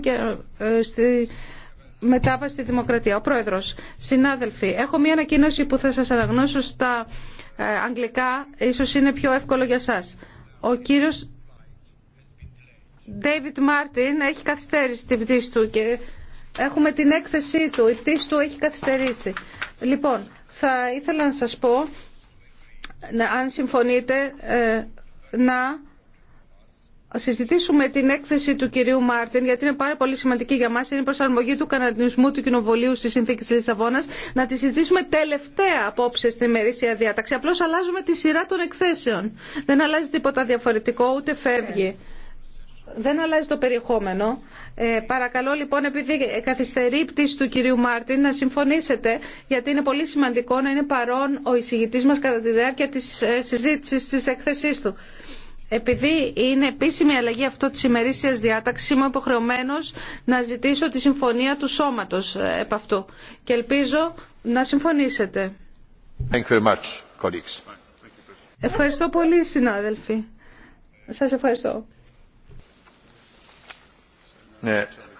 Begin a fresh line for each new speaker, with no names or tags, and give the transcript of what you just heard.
και ε, στη μετάβαση στη δημοκρατία. Ο Πρόεδρος, συνάδελφοι, έχω μία ανακοίνωση που θα σας αναγνώσω στα ε, αγγλικά, ίσως είναι πιο εύκολο για σας. Ο κύριος David Μάρτιν έχει καθυστέρηση την πτήση του και έχουμε την έκθεσή του, η πτήση του έχει καθυστερήσει. Λοιπόν, θα ήθελα να σας πω, αν συμφωνείτε, ε, να συζητήσουμε την έκθεση του κυρίου Μάρτιν, γιατί είναι πάρα πολύ σημαντική για μα. είναι η προσαρμογή του κανονισμού του Κοινοβουλίου στη Συνθήκη τη Λισαβόνα, να τη συζητήσουμε τελευταία απόψε στην ημερήσια διάταξη. Απλώ αλλάζουμε τη σειρά των εκθέσεων. Δεν αλλάζει τίποτα διαφορετικό, ούτε φεύγει. Δεν αλλάζει το περιεχόμενο. Ε, παρακαλώ λοιπόν, επειδή καθυστερεί η πτήση του κυρίου Μάρτιν, να συμφωνήσετε, γιατί είναι πολύ σημαντικό να είναι παρόν ο εισηγητή μα κατά τη διάρκεια τη ε, συζήτηση τη έκθεσή του. Επειδή είναι επίσημη αλλαγή αυτό της ημερήσιας διάταξης, είμαι υποχρεωμένο να ζητήσω τη συμφωνία του σώματος ε, επ' αυτού. Και ελπίζω να συμφωνήσετε.
Thank you very much, colleagues.
Ευχαριστώ πολύ, συνάδελφοι. Σας ευχαριστώ. Yeah. Ναι.